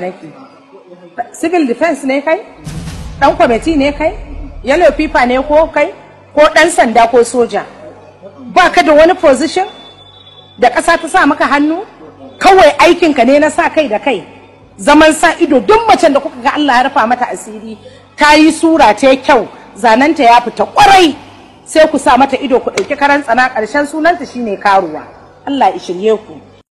nake civil defense ne kai dan kwamiti ne kai yellow fifa ne ko kai ko dan sanda ko soja ba ka da wani position da ƙasa ta sa maka hannu kawai aikinka ne na sa kai da kai zaman sa ido duk macen da kuka ga Allah ya rufa mata asiri ta yi sura ta kyau zananta ya fita kwarai sai ku sa mata ido ku ɗauki karan tsana ƙarshen sunanta shine karuwa Allah ya shirye ku